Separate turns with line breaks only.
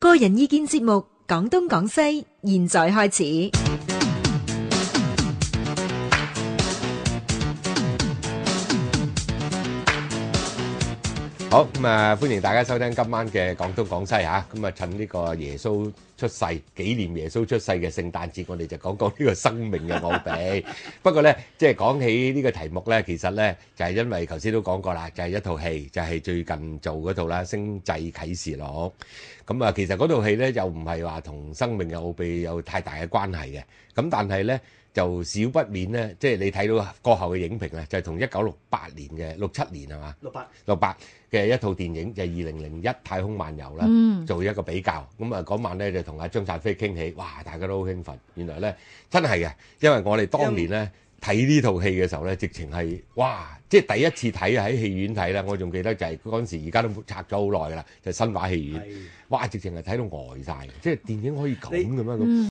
個人意見節目，講東講西，現在開始。好咁啊、嗯！歡迎大家收聽今晚嘅廣東廣西吓咁啊！趁呢個耶穌出世，紀念耶穌出世嘅聖誕節，我哋就講講呢個生命嘅奧秘。 不過呢，即係講起呢個題目呢，其實呢就係、是、因為頭先都講過啦，就係、是、一套戲，就係、是、最近做嗰套啦《星際啟示錄》。咁、嗯、啊，其實嗰套戲呢，又唔係話同生命嘅奧秘有太大嘅關係嘅。咁但係呢。由少不免咧，即係你睇到過後嘅影評啦，就係同一九六八年嘅六七年係嘛？六八六八嘅一套電影就係二零零一太空漫遊啦，嗯、做一個比較。咁啊嗰晚咧就同阿張燦輝傾起，哇！大家都好興奮。原來咧真係嘅，因為我哋當年咧睇呢套戲嘅時候咧，直情係哇！即係第一次睇喺戲院睇啦。我仲記得就係嗰陣時，而家都拆咗好耐啦，就新華戲院。是哇！直情係睇到呆晒，即係電影可以咁嘅咩咁？